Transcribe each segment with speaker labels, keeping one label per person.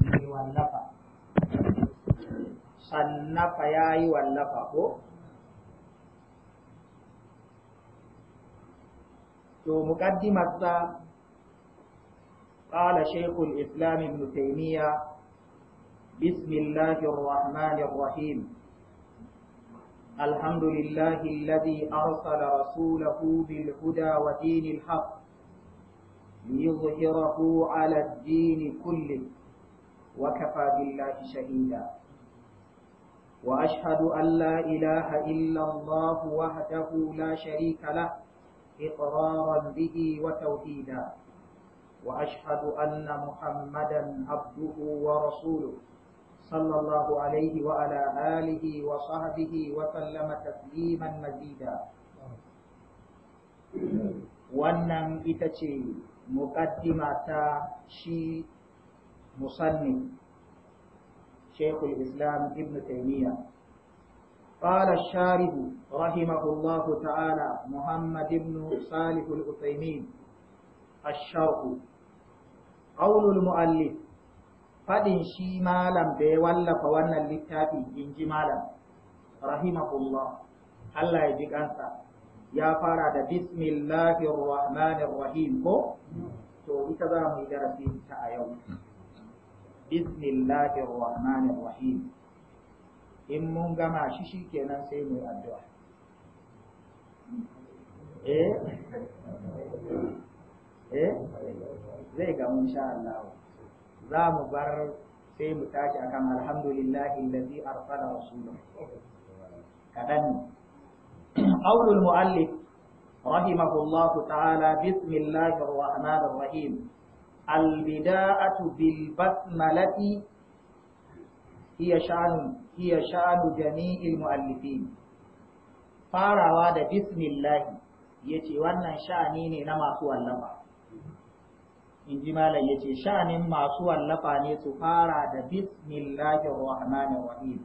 Speaker 1: mai wallafa sannafa ya yi wallafa ko to قال شيخ الإسلام ابن تيمية بسم الله الرحمن الرحيم الحمد لله الذي أرسل رسوله بالهدى ودين الحق ليظهره على الدين كله وكفى بالله شهيدا وأشهد أن لا إله إلا الله وحده لا شريك له إقرارا به وتوحيدا وأشهد أن محمدا عبده ورسوله صلى الله عليه وعلى آله وصحبه وسلم تسليما مزيدا wannan ita ce muƙaddima ta shi musanni shekul islam ibn taimiyya Fala Sharihu, رحمه الله تعالى محمد Salihu صالح الأثيمين الشرح قول المؤلف faɗin shi malam da ya wallafa wannan littafi in ji malam rahimahullah Allah ya ji kansa ya fara da bismillahir rahmanir rahim ko to ita za mu yi darasi ta a yau bismillahir rahmanir rahim in mun gama shi shikenan sai mu yi addu'a eh eh zai ga mun sha Allah za mu bar sai mu tashi akan alhamdulillahi allazi arsala rasulahu kadan قول المؤلف رحمه الله تعالى بسم الله الرحمن الرحيم البداءة بالبسملة هي شان هي شان جميع المؤلفين فاروا بسم الله يتي وانا شانين نما سوى اللفا إن جمالا يتي شان ما سوى اللفا نتفارا بسم الله الرحمن الرحيم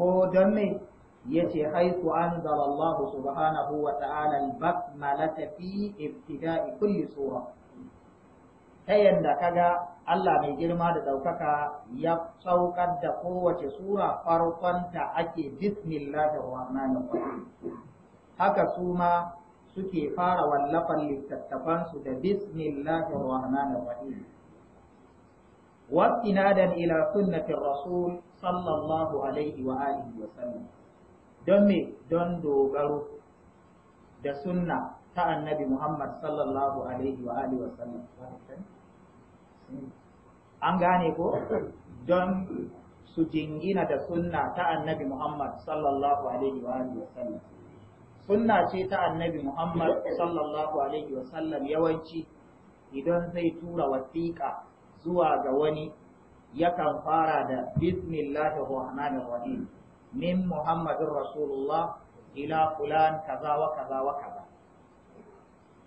Speaker 1: ko don me yace haitu anzala Allah subhanahu wa ta'ala al-basmalata fi ibtida'i kulli sura ta yanda ga Allah mai girma da ɗaukaka ya saukar da kowace sura farkonta ake bismillahir rahmanir haka su ma suke fara wallafan littattafansu da bismillahir rahmanir rahim واستنادا إلى سنة الرسول صلى الله عليه wa sallam. don me don dogaro da sunna ta annabi Muhammad sallallahu alaihi wa alihi wasallam an gane ko don su jingina da sunna ta annabi Muhammad sallallahu alaihi wa alihi wasallam sunna ce ta annabi Muhammad sallallahu alaihi wasallam yawanci idan zai tura wasiƙa zuwa ga wani yakan fara da bismillahir rahmanir rahim min muhammadin rasulullah ila fulan kaza wa kaza wa kaza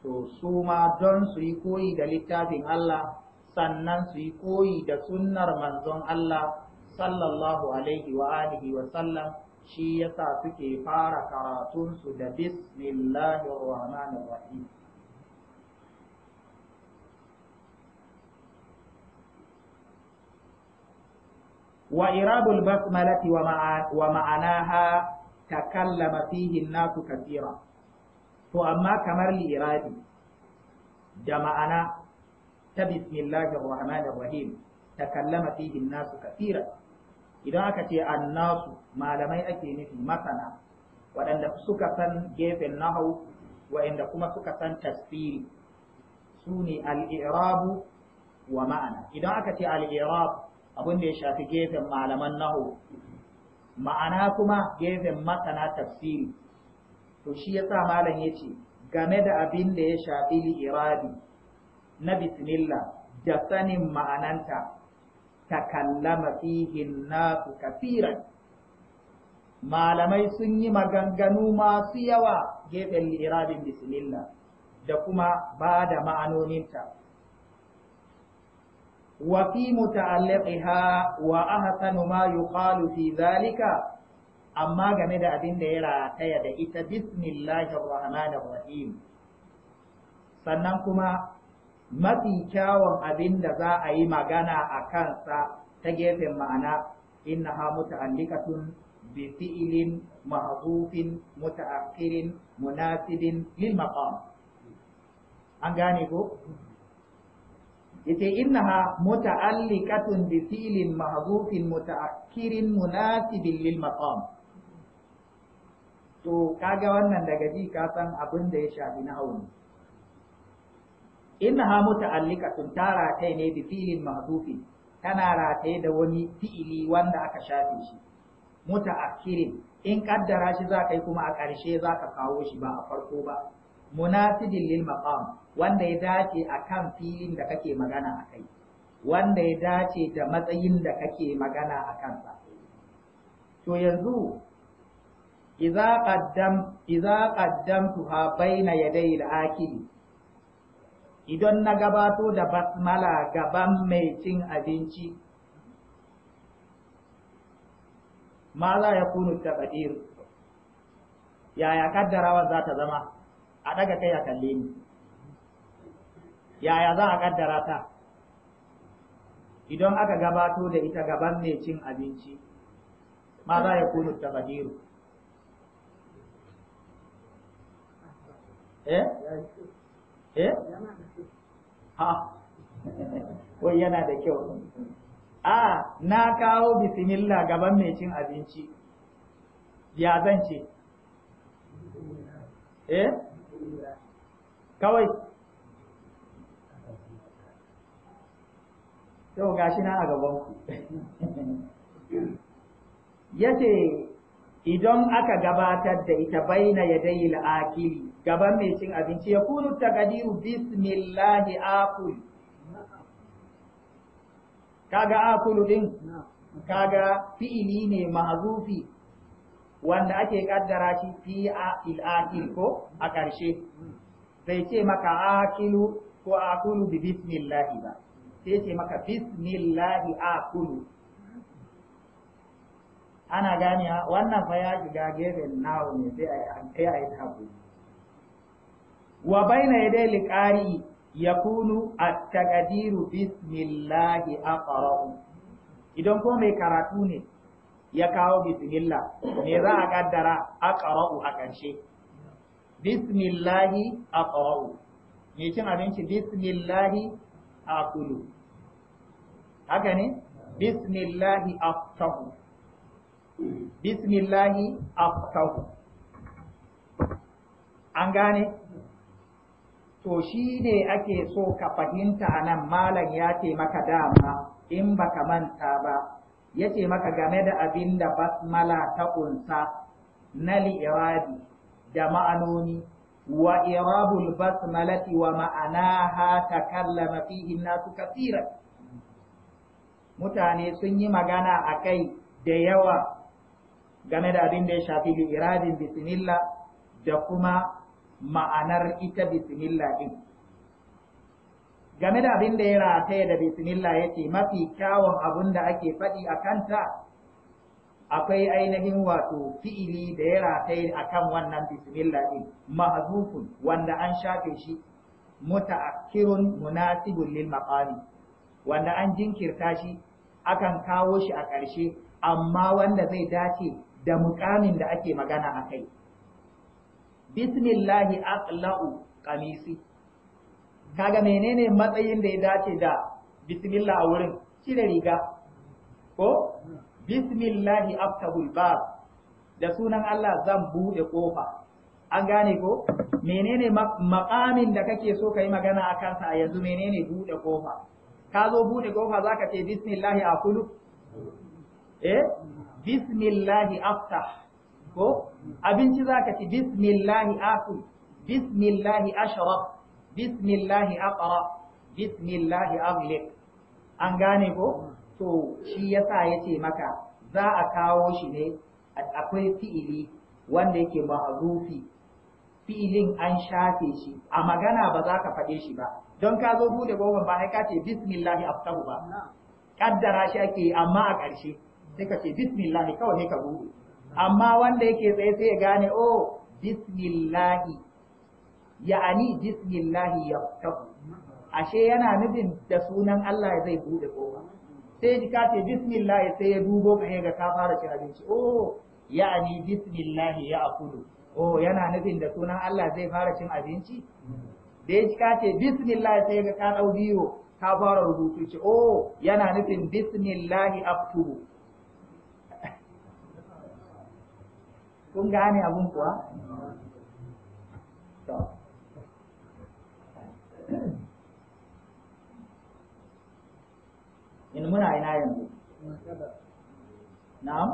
Speaker 1: to su ma don su yi koyi da littafin Allah sannan su yi koyi da sunnar manzon Allah sallallahu alaihi wa alihi wa sallam shi yasa suke fara karatunsu da bismillahir rahmanir rahim wa irabul malati wa ma'anaha takallama fihi nasu kathira to amma kamar li'irabi da ma'ana ta bismillahir rahmanir rahim takallama fihi nasu kathira idan aka ce annasu malamai ake nufi masana waɗanda suka san gefen nahau waɗanda kuma suka san tasfiri su ne al'irabu wa ma'ana idan aka ce al'irab abin da ya shafi gefen malaman nahu ma'ana kuma gefen masana tafsiri to shi ya sa malam ya ce game da abin da ya shafi li'irabi na bismillah da sanin ma'ananta takallama fihin nasu kafiran malamai sun yi maganganu masu yawa gefen li'irabin bismillah da kuma ba da ma'anoninta وفي متعلقها وأحسن ما يقال في ذلك أما جمد أبن ديرا تيد إت بسم الله الرحمن الرحيم sannan kuma mafi kyawun abin da za a yi magana a kansa ta gefen ma'ana innaha muta'alliqatun bi fi'lin mahdhufin munasibin lil an gane yace innaha muta'alliqatun bi fi'lin mahdhufin muta'akkirin munasibin lil maqam to kaga wannan daga ji ka san abin da ya shafi na hauni innaha muta'alliqatun tara kai ne bi fi'lin mahdhufin tana rataye da wani fi'ili wanda aka shafe shi muta'akkirin in kaddara shi za ka yi kuma a ƙarshe za ka kawo shi ba a farko ba munasibin lil maqam wanda ya dace akan filin da kake magana akai wanda ya dace da matsayin da kake magana a kansa to yanzu idza qaddam idza ha baina yadayil idan na gabato da basmala gaban mai cin abinci ma ya kunu yaya kaddarawa za ta zama a daga kai a kalle ni yaya za a kaddara ta idan aka gabato da ita gaban mai cin abinci ma za ya kunu tabadiru eh eh ha wai yana da kyau a na kawo bismillah gaban mai cin abinci ya zan ce eh kawai yau gashi na a gaban ku yace idan aka gabatar da ita baina ya yadayil akili gaban mai cin abinci ya kunu gadiru bismillahi akul kaga akulu din kaga fi'ili ne ma'azufi wanda ake kaddara shi fi a il'akil ko a ƙarshe bai ce maka akilu ko akulu bi bismillahi ba sai ce maka bismillahi akulu ana gane wannan fa ya shiga gefen nawo ne sai a yi a yi tabu wa baina yadai liqari yakunu at-taqdiru bismillahi aqra'u idan ko mai karatu ne ya kawo bismillah me za a kaddara aqra'u a ƙarshe bismillahi aqra'u me cin abinci bismillahi akulu haka ne bismillahi aftahu bismillahi aftahu an gane to shi ne ake so ka fahimta a nan malam ya ce maka dama in baka manta ba ya ce maka game da abin da basmala ta ƙunsa na li'irabi da ma'anoni wa irabul basmalati wa ma'anaha takallama fihi nasu kasira mutane sun yi magana a kai da yawa game da abin da ya shafi iradin bismillah da kuma ma'anar ita bismillah din game da abin da ya rataye da bismillah ya ce mafi kyawun abun da ake faɗi a kanta akwai ainihin wato fi'ili da ya rata a kan wannan bismillah ɗin mahazufun wanda an shafe shi muta'akkirun munasibun lil maqami wanda an jinkirta shi akan kawo shi a ƙarshe amma wanda zai dace da muƙamin da ake magana a kai bismillahi aqla'u qamisi kaga menene matsayin da ya dace da bismillah a wurin cire riga ko bismillahi aftabul bab da sunan Allah zan bude kofa an gane ko menene makamin da kake so kai magana a kansa a yanzu menene bude kofa ka zo bude kofa zaka ce bismillahi akulu eh bismillahi aftah ko abinci zaka ce bismillahi akul bismillahi ashraf bismillahi aqra bismillahi an gane ko to shi yasa yace maka za a kawo shi ne akwai fi'ili wanda yake mahzufi fi'ilin an shafe shi a magana ba za ka faɗe shi ba don ka zo bude goma ba ai ka ce bismillahi aftahu ba kaddara shi ake amma a ƙarshe sai ka ce bismillahi kawai ne ka bude amma wanda yake tsaye sai ya gane oh bismillahi ya'ani bismillah yaftahu ashe yana nufin da sunan Allah zai bude kofa sai ji kace bismillah sai ya dubo ka ga ka fara cin abinci oh ya'ani bismillah ya oh yana nufin da sunan Allah zai fara cin abinci da ya ji kace bismillah sai ga ka dau biyo ka fara rubutu ce oh yana nufin bismillah aftu kun gane abun kuwa to in muna ina yanzu na'am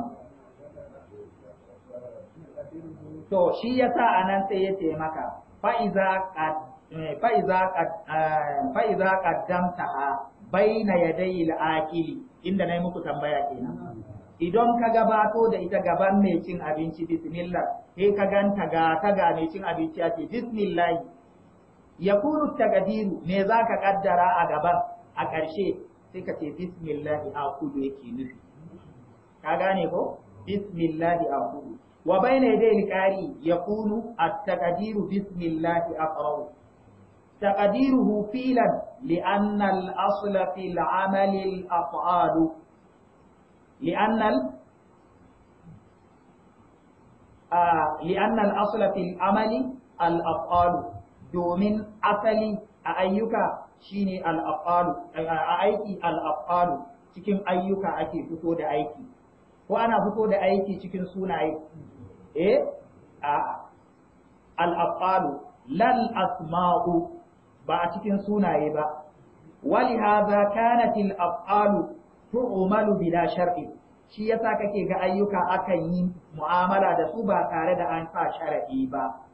Speaker 1: to shi yasa anan sai yace maka fa iza eh, fa iza eh, fa iza baina yadayil aqili inda nayi muku tambaya kenan idan ka gabato da ita gaban mai cin abinci bismillah he ka ganta ga ta ga mai cin abinci a ce bismillah yakunu tagadiru me za ka kaddara a gaban a ƙarshe sai ka ce bismillahi aqulu yake nufi ka gane ko bismillahi aqulu wa bayna yaday alqari yakunu at-taqdiru bismillahi aqra'u تقديره فيلا لأن الأصل في العمل الأفعال لأن ال... آه لأن الأصل في العمل domin asali a ayyuka. shine al-afalu a aiki al-afalu cikin ayyuka ake fito da aiki ko ana fito da aiki cikin sunaye eh a al-afalu lal asma'u ba a cikin sunaye ba kanat al الأفعال tu'malu bila shar'i shi yasa kake ga ayyuka akan yi mu'amala da su ba tare da an sa sharadi ba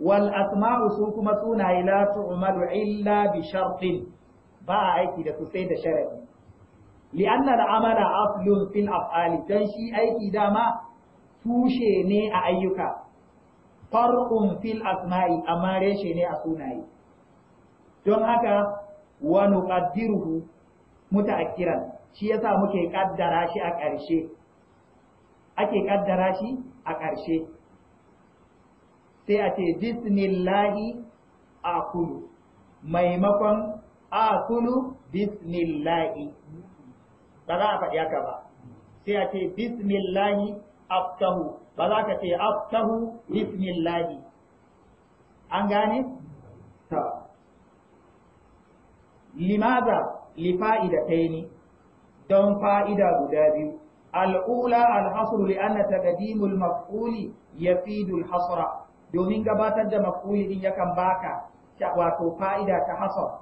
Speaker 1: wal asma'u su kuma sunaye la tu'malu illa bi shartin ba a aiki da su sai da sharadi li'anna al'amala aflun fil af'ali dan shi aiki dama tushe ne a ayyuka far'un fil asma'i amma reshe ne a sunaye don haka wa nuqaddiruhu muta'akkiran shi yasa muke kaddara shi a shi a ƙarshe sai a ce bismillahi a Kulu." maimakon "A Kulu, bismillahi ba za a faɗi haka ba sai a ce bismillahi aftahu ba za ka ce aftahu bismillahi an gane ta limaza li fa'ida ne don fa'ida guda biyu al'ula al-hasru li anna taqdimul ya fi al-hasra domin gabatar da maf'uli din yakan baka wato fa'ida ta hasar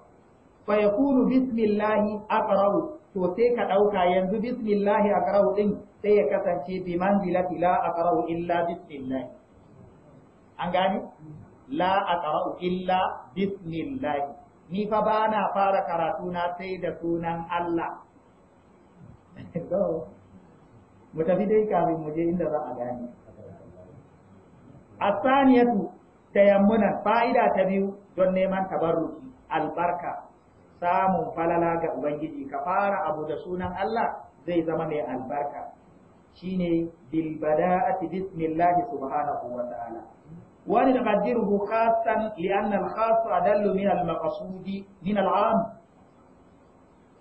Speaker 1: fa yakunu bismillahi aqra'u to sai ka dauka yanzu bismillahi aqra'u din sai ya kasance bi manzilati la aqra'u illa bismillahi an gane la aqra'u illa bismillahi ni fa bana fara karatu na sai da sunan Allah mu tafi dai kafin mu je inda za a gane asaniyatu tayammunan fa'ida ta biyu don neman tabarruki albarka samun falala ga ubangiji ka fara abu da sunan Allah zai zama mai albarka shine bil bada'ati bismillah subhanahu wa ta'ala wani da qaddiruhu khassan li anna al khass min al min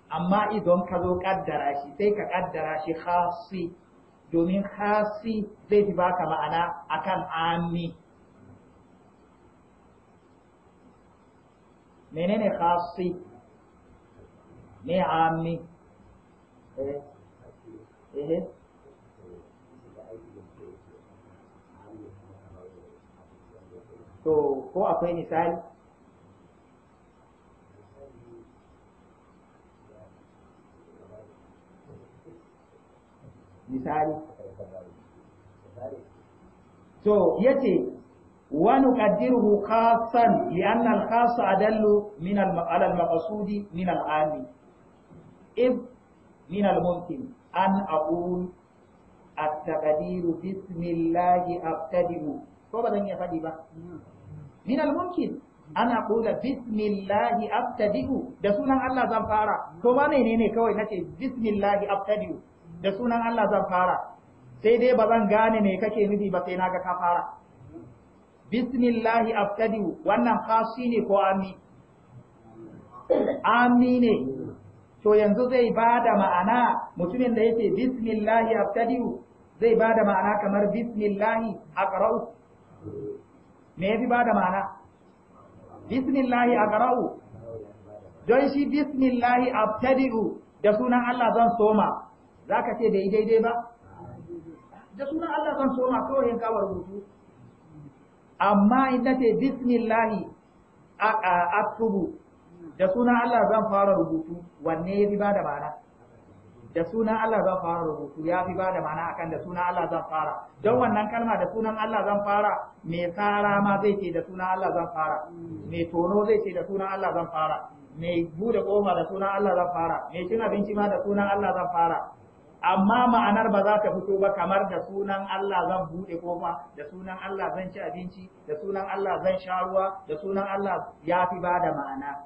Speaker 1: amma idan ka zo kaddara shi sai ka kaddara shi khassi domin hasi zai fi baka ma'ana akan ammi menene hasi me ammi eh eh to ko akwai misali misali. To ya ce, wani ƙaddirhu khasan li annal khasu adallu min al maqasudi min al if min al mumkin an aqul at taqdiru bismillah abtadiu ko ba dan ya fadi ba min al mumkin an aqula bismillah abtadiu da sunan Allah zan fara to ba ne ne kawai nace bismillah abtadiu da sunan Allah zan fara sai dai ba zan gane me kake nufi ba sai na ga ka fara bismillahi abtadi'u. wannan khasi ne ko ami ami ne to yanzu zai bada ma'ana mutumin da yake bismillahi abtadi'u zai bada ma'ana kamar bismillahi aqra'u me yafi bada ma'ana bismillahi aqra'u don shi bismillahi abtadi'u da sunan Allah zan soma za ka ce bai yi daidai ba da sunan Allah zan soma kawai yin kawar rubutu amma in na ce bismillahi a atubu da sunan Allah zan fara rubutu wanne ya fi bada ma'ana da sunan Allah zan fara rubutu ya fi bada ma'ana akan da sunan Allah zan fara don wannan kalma da sunan Allah zan fara mai tsara ma zai ce da sunan Allah zan fara mai tono zai ce da sunan Allah zan fara mai bude koma da sunan Allah zan fara mai cin abinci ma da sunan Allah zan fara amma ma'anar ba za ta fito ba kamar da sunan Allah zan buɗe kofa da sunan Allah zan ci abinci da sunan Allah zan sha ruwa da sunan Allah ya fi ba da ma'ana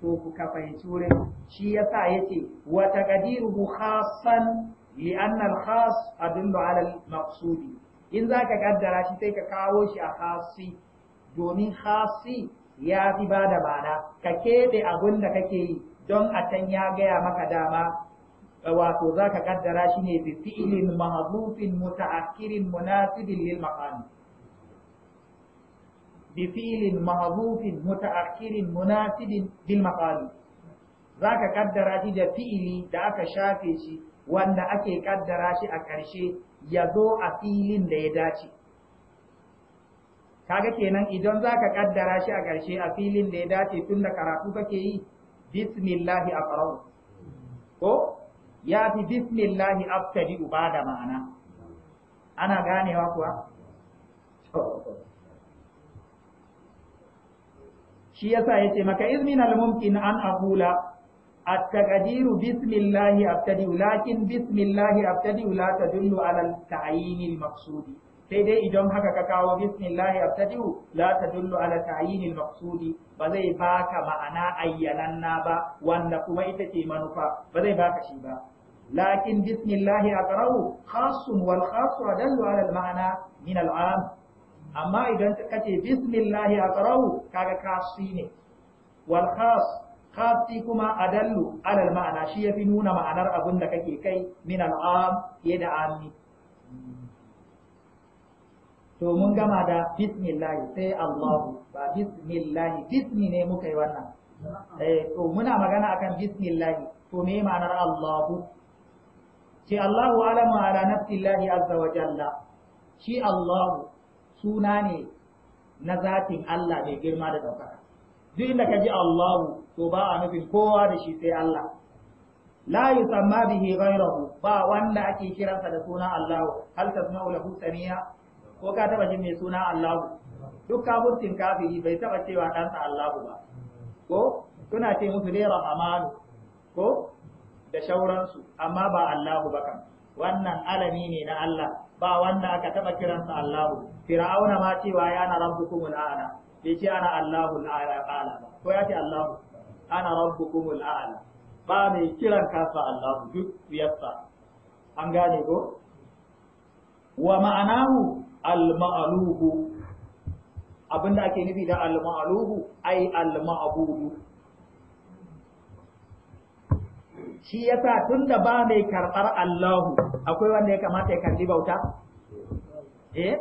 Speaker 1: to ku ka fahimci wurin shi yasa yace wa taqdiruhu khassan li anna al khas adullu ala al maqsudi in za ka kaddara shi sai ka kawo shi a khassi domin khassi ya fi ba da ma'ana ka keɓe abin da kake yi don a can ya gaya maka dama wato za ka kaddara shi ne bi fi'ilin mahzufin muta'akkirin munasibin lil maqam bi fi'ilin munasibin lil maqam za ka kaddara shi da fi'ili da aka shafe shi wanda ake kaddara shi a ƙarshe ya zo a filin da ya dace kaga kenan idan za ka kaddara shi a ƙarshe a filin da ya dace tun da karatu kake yi bismillahi a ko ya fi bismillahi abtadi uba da ma'ana ana wa kuwa shi yasa yace maka izmin al-mumkin an aqula at-taqdiru bismillahi abtadi lakin bismillahi abtadi la tadullu ala al-ta'yin al sai dai idan haka ka kawo bismillahi abtadi'u la tadullu ala ta'yinil maqsudi ba zai baka ma'ana ayyananna ba wanda kuma ita ce manufa ba zai baka shi ba lakin bismillahi aqra'u khassun wal khassu adallu ala al ma'ana min al 'am amma idan ka ce bismillahi aqra'u kaga khassi ne wal khass khassi kuma adallu alal ma'ana shi yafi nuna ma'anar abin da kake kai min al'am ya da ami to mun gama da bismillahi sai Allahu ba bismillahi bismi ne muka yi wannan eh to muna magana akan bismillahi to me ma'anar Allahu ce Allahu alamu ala nafsillahi azza wa jalla shi Allahu suna ne na zatin Allah mai girma da ɗaukaka duk inda ka ji Allahu to ba a nufin kowa da shi sai Allah la yusamma bihi ghayruhu ba wanda ake kiransa da suna Allahu hal tasma'u lahu samiya ko ka taba jin mai suna Allahu duk kafircin kafiri bai taba cewa ɗansa Allahu ba ko suna ce musu dai Rahamanu ko da shauransu amma ba Allahu ba kan wannan alami ne na Allah ba wanda aka taba kiransa Allahu Fir'auna ma cewa yana rabbukum a'la bai ce ana Allahu al'ala ba ko ya ce Allahu ana rabbukum a'la ba mai kiran kasa Allahu duk yassa an gane ko wa ma'anahu al-ma'luhu abinda ake nufi da al-ma'luhu ai al-ma'budu shi yasa tunda ba mai karɓar Allahu akwai wanda ya kamata ya karbi bauta eh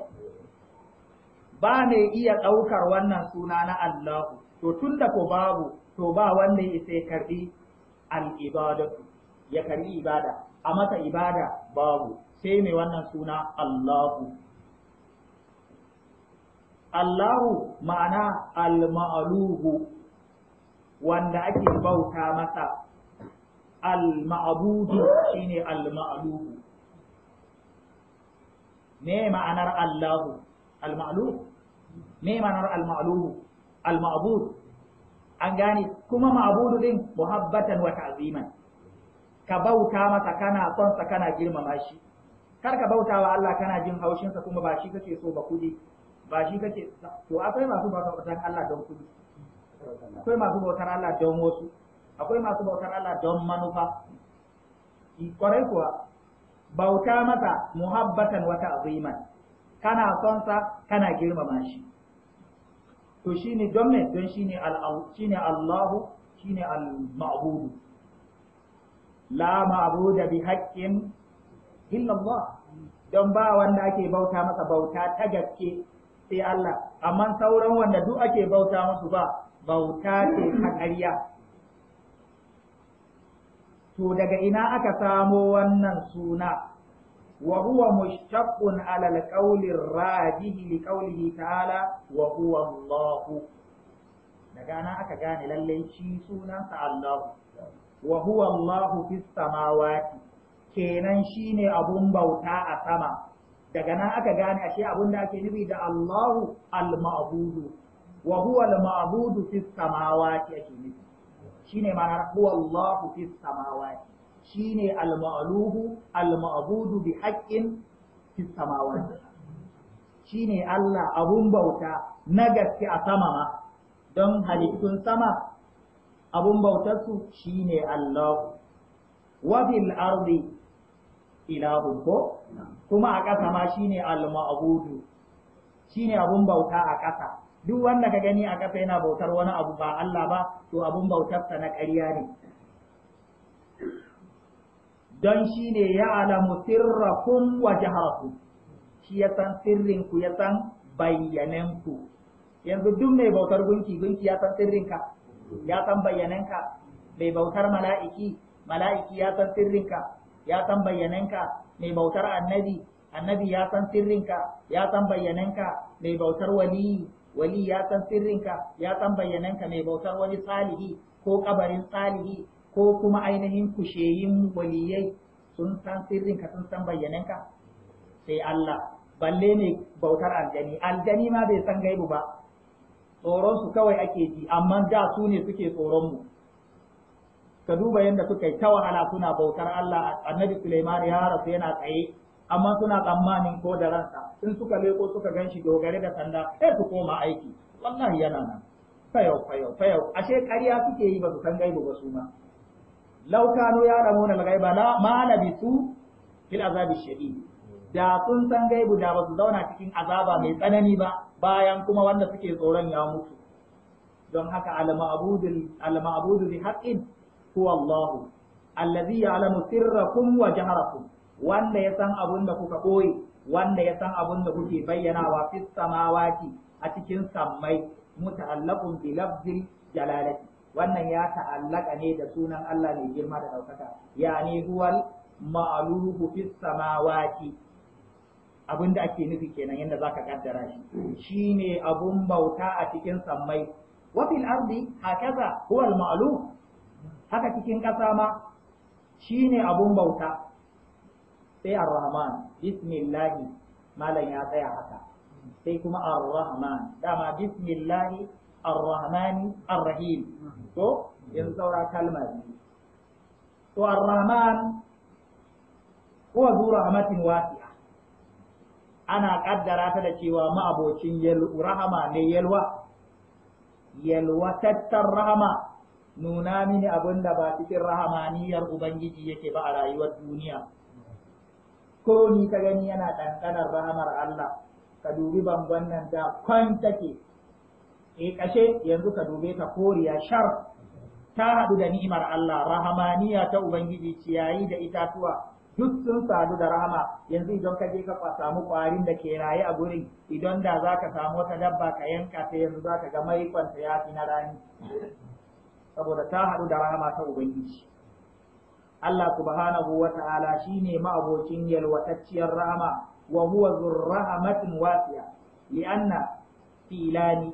Speaker 1: ba mai iya ɗaukar wannan suna na Allahu to tunda ko babu to ba wanda ya sai karbi al-ibadatu ya karbi ibada a masa ibada babu sai mai wannan suna Allahu Allahu ma'ana al-ma'aluhu wanda ake bauta masa al-ma'budu shine al-ma'aluhu me ma'anar Allahu al-ma'luhu me ma'anar al-ma'luhu al-ma'bud an gane kuma ma'budu din muhabbatan wa ta'ziman ka bauta masa kana son sa kana girmama shi kar ka bauta wa Allah kana jin haushinsa kuma ba shi kake so ba kudi ba shi kake to akwai masu bautar Allah don kudi akwai masu bautar Allah don wasu akwai masu bautar Allah don manufa kwarai kuwa bauta masa muhabbatan wata aziman kana son sa kana girmama shi to shine don me don shine al shine Allahu shine al-ma'bud la ma'buda bi haqqin illa Allah don ba wanda ake bauta masa bauta ta gaske sai Allah amma sauran wanda duk ake bauta musu ba bauta ce ta ƙarya to daga ina aka samo wannan suna wa huwa mushtaqqun ala alqawli rajih ta'ala wa huwa Allah daga aka gane lallai shi sunansa Allah wa huwa Allah fis samawati kenan shine abun bauta a sama daga nan aka gane ashe abin da ake nufi da Allahu al-ma'budu wa huwa al-ma'budu fi samawati ake nufi shine ma'anar huwa Allahu fi samawati shine al-ma'luhu al-ma'budu bi haqqin fi samawati shine Allah abun bauta na gaske a sama ma don halittun sama abun bautarsu shine Allah wa fil ardi ilahun ko kuma a ƙasa ma shine al-ma'budu shine abun bauta a ƙasa duk wanda ka gani a ƙasa yana bautar wani abu ba Allah ba to abun bautarsa na ƙarya ne don shine ya alamu sirrakum wa jaharakum shi ya san sirrin ku ya san bayyanan ku yanzu duk mai bautar gunki gunki ya san sirrinka ya san bayyananka mai bautar mala'iki mala'iki ya san sirrinka ya san bayyananka mai bautar annabi annabi ya san sirrinka ya san bayyananka mai bautar waliyi wali ya san sirrinka ya san bayyananka mai bautar wani salihi ko kabarin salihi ko kuma ainihin kusheyin waliyai sun san sirrinka sun san bayyananka sai Allah balle ne bautar aljani aljani ma bai san gaibu ba tsoron su kawai ake ji amma da su ne suke tsoron mu ka duba yadda suka yi ta wahala suna bautar Allah a annabi Sulaiman ya rasu yana tsaye amma suna tsammanin ko da ransa in suka leko suka gan shi dogare da sanda sai su koma aiki wallahi yana nan fayau fayau fayau ashe ƙarya suke yi ba su san gaibu ba su ma law kanu ya'lamuna al-ghaiba na ma su fil azabi shadi da sun san gaibu da ba su zauna cikin azaba mai tsanani ba bayan kuma wanda suke tsoron ya mutu don haka al-ma'budu al-ma'budu li huwa Allah allazi ya'lamu sirrakum wa ku. wanda ya san abun da kuka koyi wanda ya san abun da kuke bayyanawa fi samawati a cikin sammai muta'allaqun bi lafzil jalalati wannan ya ta'allaka ne da sunan Allah mai girma da daukaka yani huwal ma'luhu fi samawati abin da ake nufi kenan yadda zaka kaddara shi shine abun bauta a cikin sammai wa fil ardi hakaza huwal ma'luf haka cikin ƙasa ma shine abun bauta sai ar-rahman bismillahi malam ya tsaya haka sai kuma ar-rahman dama bismillahi ar-rahmani ar-rahim to yanzu saura kalma ne. to ar-rahman huwa zu rahmatin wasi'a ana kaddara ta da cewa ma'abocin rahama ne yalwa Yalwa tattar rahama nuna mini abin da ba cikin rahamaniyar ubangiji yake ba a rayuwar duniya ko ni ka gani yana ɗanɗanar rahamar Allah ka dubi bangon nan da kwan take e eh, kashe yanzu ka dube ta koriya shar ta haɗu da ni'imar Allah rahamaniya ta ubangiji ciyayi da itatuwa duk sun sadu da rahama yanzu idan ka je ka samu ƙwarin da ke raye a gurin idan da za ka samu wata dabba ka yanka ta yanzu za ka ga maikonta ya fi na rani saboda ta haɗu da rahama ta ubangiji Allah subhanahu wa ta'ala shine ma'abocin yalwatacciyar rahama wa huwa zurrahamatin wasi'a li'anna filani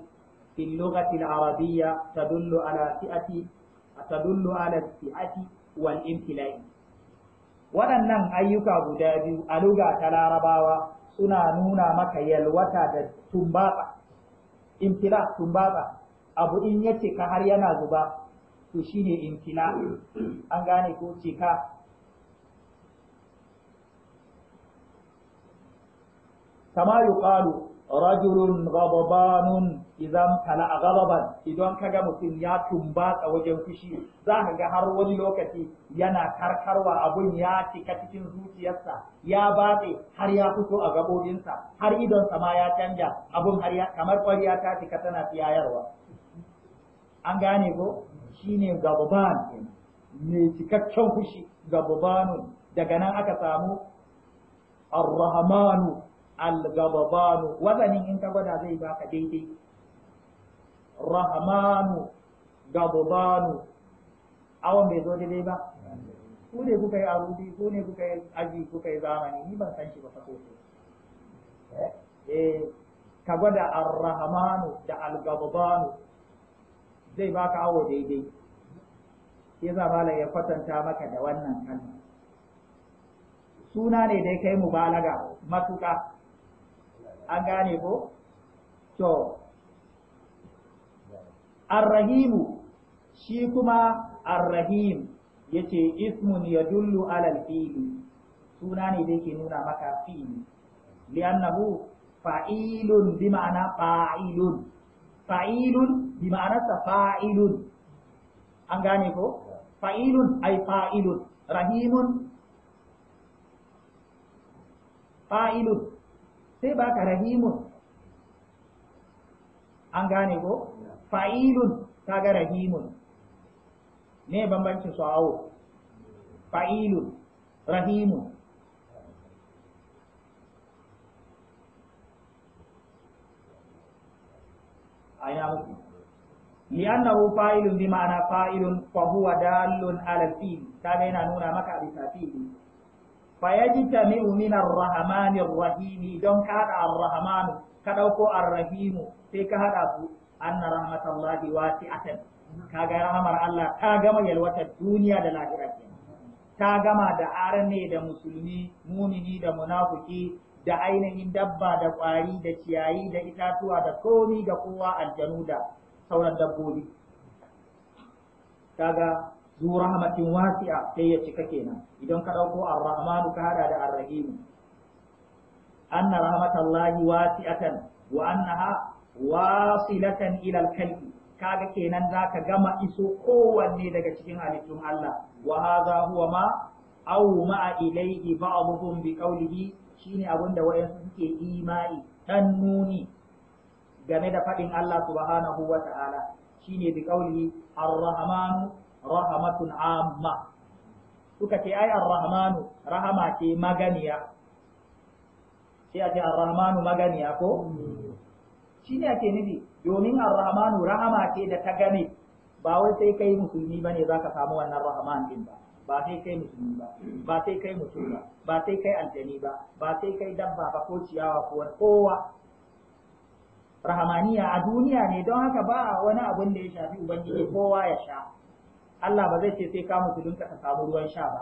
Speaker 1: في اللغة العربية تدل على سئة تدل على السئة waɗannan ayyuka guda biyu a luga ta larabawa suna nuna maka yalwata da tumbatsa imtila tumbatsa abu in ya ka har yana zuba to ne inkila an gane ko cika kama yuqalu rajulun gababanun idan kala a gababan idan kaga mutum ya a wajen fushi za ka ga har wani lokaci yana karkarwa abun ya cika cikin zuciyarsa ya batse har ya fito a gabobinsa har idonsa ma ya canja abun har ya kamar kwariya ta cika tana fiyayarwa an gane ko shine gababan ne cikakken fushi gababanu daga nan aka samu ar-rahmanu al-gababanu wazanin in ka gwada zai baka daidai rahmanu gababanu awon bai zo daidai ba ku ne kuka yi arudi ku ne kuka yi aji kuka yi zamani ni ban san shi ba sako eh ka gwada ar-rahmanu da al-gababanu zai baka awo daidai sai za bala ya kwatanta maka da wannan kalma suna ne dai kai mubalaga matuka an gane ko to arrahimu shi kuma arrahim yace ismun yadullu alal fi'li suna ne dai ke nuna maka fi'li li'annahu fa'ilun bi ma'ana fa'ilun fa'ilun bi ma'anarsa fa'ilun an gane ko fa'ilun ai fa'ilun rahimun fa'ilun sai baka rahimun an gane ko fa'ilun kaga rahimun ne bambancin su awo fa'ilun rahimun li'annahu fa'ilun bi ma'ana fa'ilun fa huwa dallun ala fi'l kaga yana nuna maka bisa fi'li fa yajtami'u min ar-rahmani ar-rahim don ka hada ar-rahmanu ka dauko ar-rahim sai ka hada su anna rahmatallahi wasi'atan kaga rahmar Allah ta gama yalwatar duniya da lahira ta gama da arane da musulmi mumini da munafiki da ainihin dabba da ƙwari da ciyayi da itatuwa da komi da kowa aljanu da sauran dabbobi kaga zu rahmatin wasi'a sai ya cika kenan idan ka dauko ar-rahmanu ka hada da ar-rahim anna rahmatallahi wasi'atan wa annaha wasilatan ila al-kalbi kaga kenan zaka gama iso kowanne daga cikin halittun Allah wa hadha huwa ma aw ma ilayhi ba'dhum bi qawlihi shine abinda wayansu suke imani dan nuni game da faɗin Allah subhanahu wa ta'ala shine bi qawli ar-rahmanu rahmatun amma suka ce ai ar-rahmanu rahama ce maganiya sai a ce ar-rahmanu maganiya ko shine ake nufi domin ar-rahmanu rahama ce da ta gane, ba wai sai kai musulmi bane za ka samu wannan rahman din ba ba sai kai musulmi ba ba sai kai mutum ba ba sai kai aljani ba ba sai kai dabba ba ko ciyawa ko kowa rahamaniya a duniya ne don haka ba wani abun da ya shafi ubangiji kowa ya sha Allah ba zai ce sai ka musulunta ka samu ruwan sha ba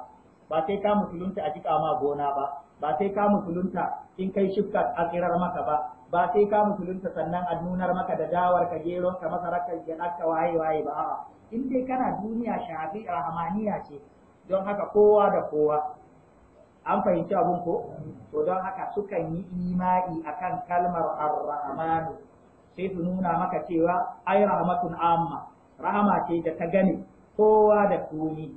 Speaker 1: ba sai ka musulunta a jika ma gona ba ba sai ka musulunta in kai shifka a tsirar maka ba ba sai ka musulunta sannan a nunar maka da dawar ka geron ka masarar ka gyaɗar ka waye waye ba a'a in dai kana duniya shafi rahamaniya ce don haka kowa da kowa an fahimci abun ko to don haka sukan yi imani akan kalmar ar-rahmanu sai su nuna maka cewa ai rahmatun amma rahama ce da ta gani, kowa da komi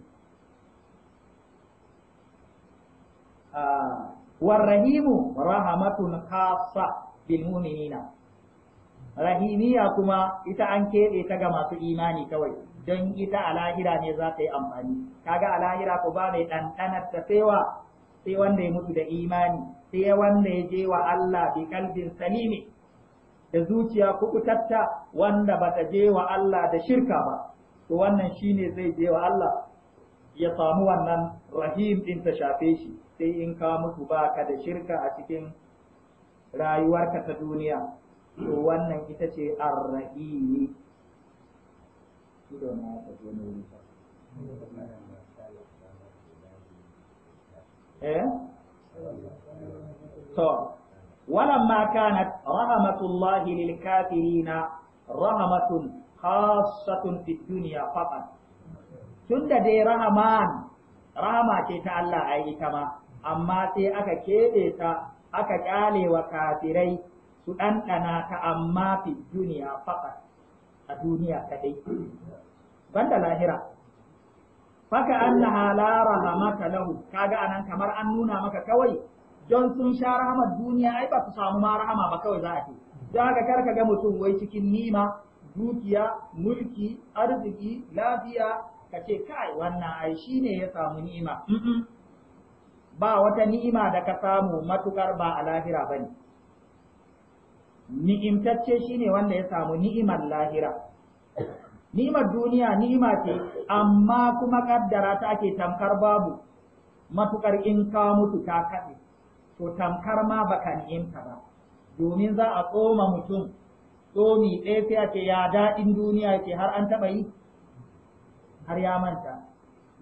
Speaker 1: ah, warrahimu rahamatun khassa bil mu'minina rahimiya kuma ita an keɓe ta ga masu imani kawai don ita Alahira ne za ta yi amfani kaga a lahira ku ba mai ɗanɗanar ta sai wanda ya mutu da imani sai wanda ya je wa Allah bi kalbin salimi da zuciya kubutatta wanda ba ta je wa Allah da shirka ba to wannan shine zai je wa Allah ya samu wannan rahim din ta shafe shi sai in ka mutu ka da shirka a cikin rayuwarka ta duniya to wannan ita ce ar eh to ولما كانت رحمة الله للكافرين رحمة خاصة في الدنيا فقط تند دي رحمان رحمة تيتا الله أي كما أما تي أكا كيبتا أكا كالي وكافري سؤالنا تأما في الدنيا فقط الدنيا كدي بند لاهرة فكأنها لا رحمة له كاغا أنا كمر أن نونا مكا كوي don sun sha rahamar duniya ai ba su samu ma rahama ba kawai za a ce don haka kar ka ga mutum wai cikin nima dukiya mulki arziki lafiya ka ce kai wannan ai shi ne ya samu ni'ima ba wata ni'ima da ka samu matukar ba a lahira ba ne. ni'imtacce shi ne wanda ya samu ni'imar lahira ni'imar duniya ni'ima ce amma kuma kaddara ta ke tamkar babu matukar in ka mutu ta kaɗe to tamkar ma baka ni'imta ba domin za a tsoma mutum tsomi ɗaya sai a ce ya daɗin duniya ce har an taɓa yi har ya manta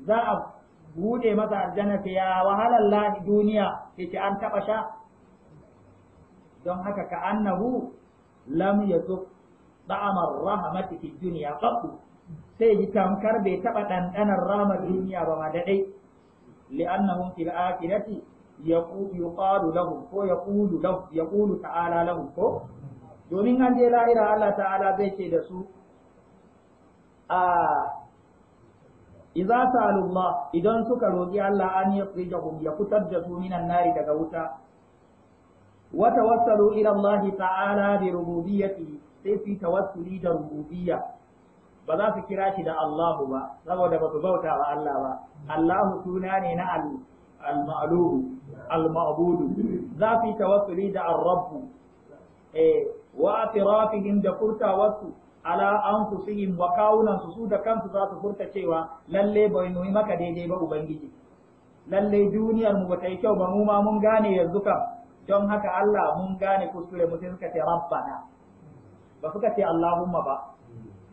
Speaker 1: za a buɗe masa aljanna sai ya wahalar duniya ke ce an taɓa sha don haka ka annahu lam yazuq da'amar rahmati fi dunya qattu sai ji tamkar bai taɓa ɗanɗanar ramar duniya ba ma daɗai li'annahum fil akhirati yuqalu lahum ko yaqulu lahum yaqulu ta'ala lahum ko domin an je lahira Allah ta'ala zai ce da su a idza sa'alullah idan suka roki Allah an yukhrijahum ya fitar da su minan nari daga wuta wa tawassalu ila Allah ta'ala bi rububiyyatihi sai su tawassuli da rububiyya ba za su kira shi da Allahu ba saboda ba su bauta wa Allah ba Allahu suna ne na Allah al-ma'lum al-ma'bud za fi tawassuli da ar-rabb eh wa atrafihim da furtawarsu ala anfusihim wa kawunan su da kansu za su furta cewa lalle bai nuni maka daidai ba ubangiji Lallai duniyarmu mu bata yi kyau ba mu ma mun gane yanzu kam don haka Allah mun gane kuskure mu suka ce rabbana ba suka ce Allahumma ba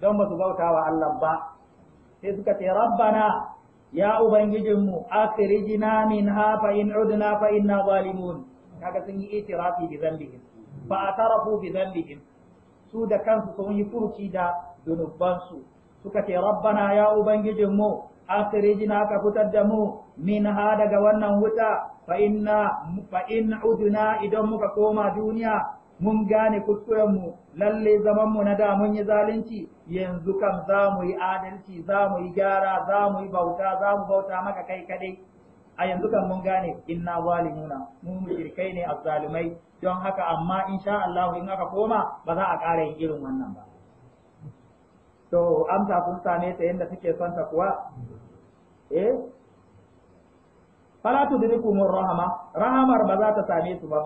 Speaker 1: don ba su bauta wa Allah ba sai suka ce rabbana ya ubangijinmu akhrijna min fa in udna fa inna zalimun kaga sun yi itirafi bi ba fa atarafu bi dhanbihim su da kansu sun yi furuci da dunubansu suka ce rabbana ya ubangijinmu akhrijna ka fitar da mu minha daga wannan wuta fa inna fa in udna idan muka koma duniya mun gane mu lalle zaman mu na da mun yi zalunci yanzu kam za mu yi adalci za mu yi gyara za mu yi bauta za mu bauta maka kai kadai a yanzu kan mun gane inna zalimuna mu mushrikai ne azzalumai don haka amma insha Allah in aka koma ba za a ƙara yin irin wannan ba to amsa kun same ta yanda take son ta kuwa eh fala tudrikumur rahama rahamar ba za ta same su ba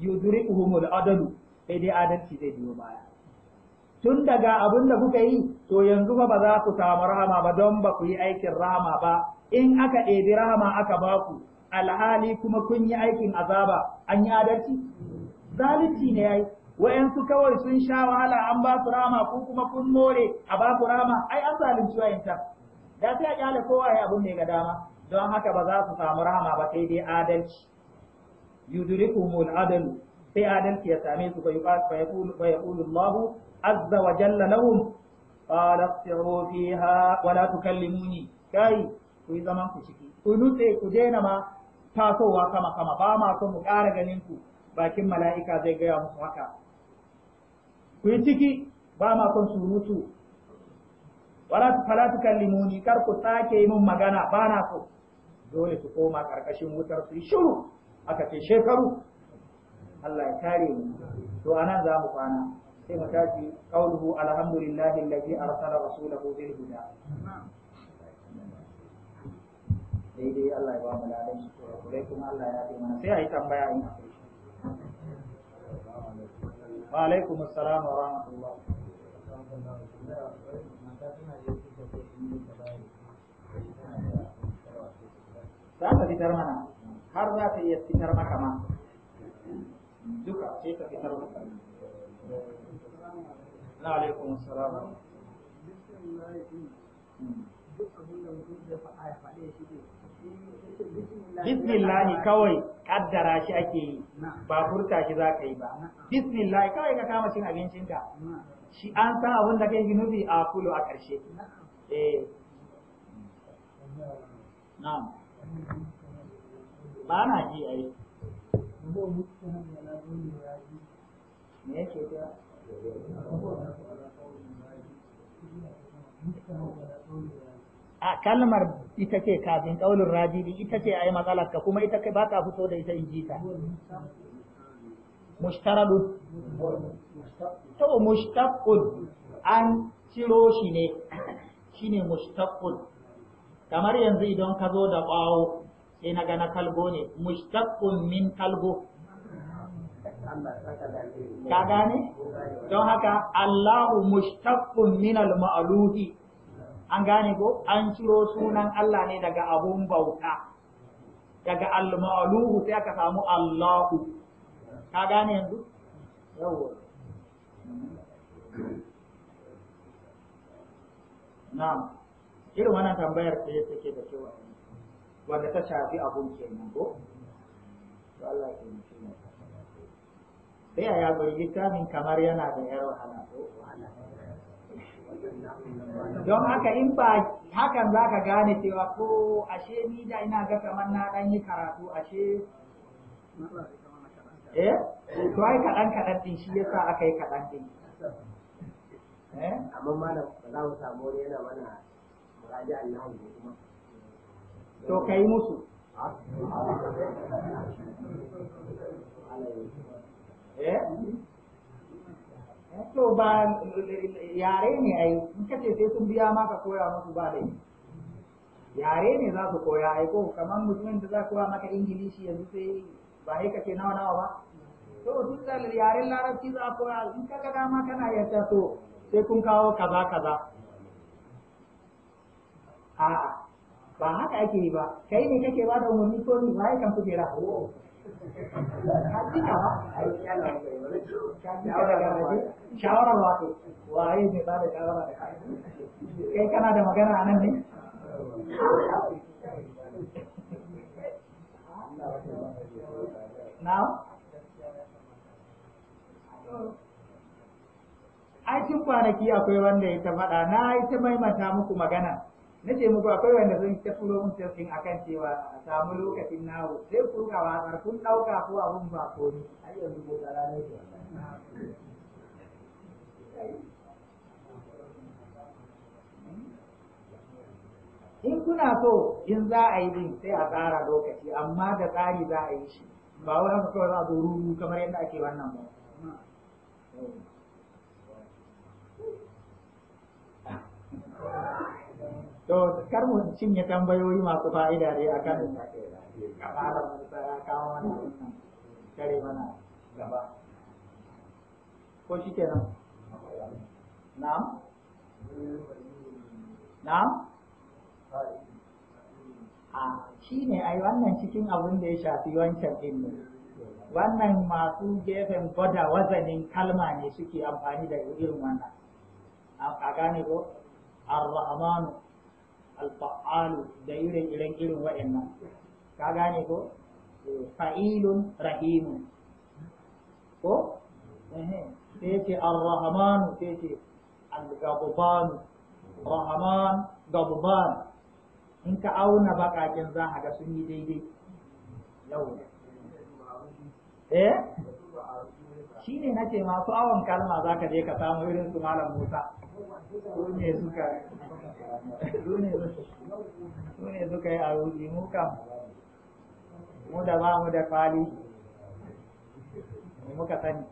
Speaker 1: yudri'uhumul adalu sai dai adalci zai biyo baya tun daga abin da kuka yi to yanzu ba za ku samu rahama ba don ba ku yi aikin rahama ba in aka ɗebi rahama aka ba ku alhali kuma kun yi aikin azaba an yi adalci zalunci ne yayi wa'yansu kawai sun sha wahala an ba su rama ko kuma kun more a ba ku rama ai an zalunci ta, da sai a kyale kowa ya abin da ga dama don haka ba za su samu rahama ba sai dai adalci yudrikuhum al sai adalci ya same su fa yaqulu Allah azza wa jalla lahum qala asiru fiha wa la tukallimuni kai ku zaman ku ciki ku nutse ku daina ma tasowa sama sama ba ma so mu ƙara ganin ku bakin mala'ika zai gaya musu haka ku ciki ba ma son surutu wala fala tukallimuni kar ku sake yi min magana ba na so dole su koma ƙarƙashin wutar su shiru aka ce shekaru Allah ya kare mu to anan za mu kwana sai mu tashi qauluhu alhamdulillahi allazi arsala rasulahu bil huda daidai Allah ya ba mu ladan shi kurai kuma Allah ya yi mana sai ayi tambaya in wa alaikum assalam wa rahmatullah za ka fitar mana har za ka iya fitar maka ma duka sai ka fitar maka na alaikum salam bismillahi kawai kaddara shi ake yi ba furta shi za ka yi ba bismillahi kawai ka kama cin abincinka shi an san abin da kai ginubi a kulu a ƙarshe eh na'am ba na ji a yi a kalmar ita ce kafin ƙaunin rajidi ita ce a yi ka kuma ita kai ba ka fito da ita in ji ta mushtaradu to mushtaqul an ciro shi ne shine mushtaqul kamar yanzu idan ka zo da ɓawo sai na na kalbo ne mushtaqqun min kalbo ka gane don haka Allahu mushtaqqun min al-ma'luhi an gane ko an ciro sunan Allah ne daga abun bauta daga al-ma'luhu sai aka samu Allahu ka gane yanzu yawwa na'am irin wannan tambayar sai take da cewa wanda ta shafi abun kenan ko to Allah ke mutum ya sai a yaƙuri littafin kamar yana da yar wahala ko don haka in ba hakan za ka gane cewa ko ashe ni da ina ga kamar na dan yi karatu ashe eh to ai kaɗan kaɗan ɗin shi yasa aka yi kaɗan ɗin eh? amma malam ba za mu samu wani yana mana muraja Allah ne kuma to kai musu eh? Eh, to ba yare ne ai in kace sai sun biya maka koya musu ba dai yare ne za su koya ai ko kamar mutumin da za koya maka ingilishi yanzu sai ba ai kace nawa nawa ba to duk da yaren larabci za ku in kaga dama kana yadda to sai kun kawo kaza kaza a ba haka ake yi ba kai ne kake ba da umarni ko ni ba kan kujera oh. ko hakika ba shawara waye ne ba da shawara da kai kana da magana anan ne now ai tun kwanaki akwai wanda ya ta faɗa na yi ta maimata muku magana nace muku akwai wanda zan ta turo mun tafin akan cewa a samu lokacin nawo sai ku ga har kun dauka ko abun ba ko ni har yanzu ko tsara ne in kuna so in za a yi din sai a tsara lokaci amma da tsari za a yi shi ba wai haka kawai za a zo ruru kamar yadda ake wannan ba so kar mu cinye tambayoyi masu fa'ida dai a kamarar musa ya kawo mana kare mana gaba ko shi kenan na'am na'am a shi ne ai wannan cikin abin da ya shafi wancan din ne wannan masu gefen gwada wazanin kalma ne suke amfani da irin wannan a gane ko ar-rahmanu al-fa'alu da irin irin irin wa'annan ka gane ko eh, fa'ilun rahimun ko sai ce ar-rahmanu sai ce al-gabban rahman gabban in ka auna bakakin za ka ga sun yi daidai yau eh shi ne na masu awon kalma za ka je ka samu irin su malam musa su ne suka yi a rudi mu kam mu da ba mu da kwali muka sani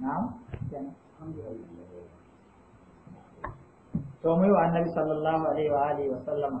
Speaker 1: na'am to mu yi wa annabi sallallahu alaihi wa alihi wa sallama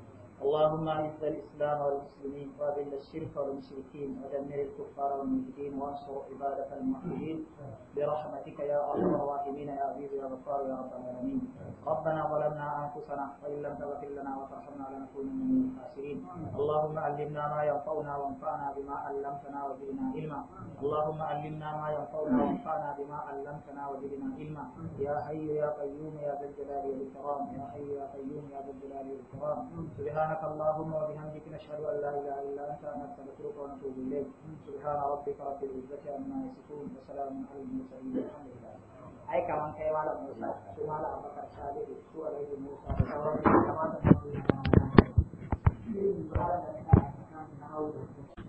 Speaker 1: اللهم اعز الاسلام والمسلمين واذل الشرك والمشركين ودمر الكفار والمجدين وانصر عبادك الموحدين برحمتك يا ارحم الراحمين يا عزيز يا غفار يا رب العالمين ربنا ظلمنا انفسنا وان لم تغفر لنا وترحمنا لنكونن من الخاسرين اللهم علمنا ما ينفعنا وانفعنا بما علمتنا وزدنا علما اللهم علمنا ما ينفعنا وانفعنا بما علمتنا وزدنا علما يا حي يا قيوم يا ذا الجلال والاكرام يا حي يا قيوم يا ذا الجلال والاكرام سبحان سبحانك اللهم وبحمدك نشهد ان لا اله الا انت نستغفرك ونتوب اليك سبحان ربك رب العزه عما يصفون وسلام على المرسلين الحمد لله ai kaman kai malam Musa su malam Abubakar Sadiq su Alhaji Musa da sauran kamata su yi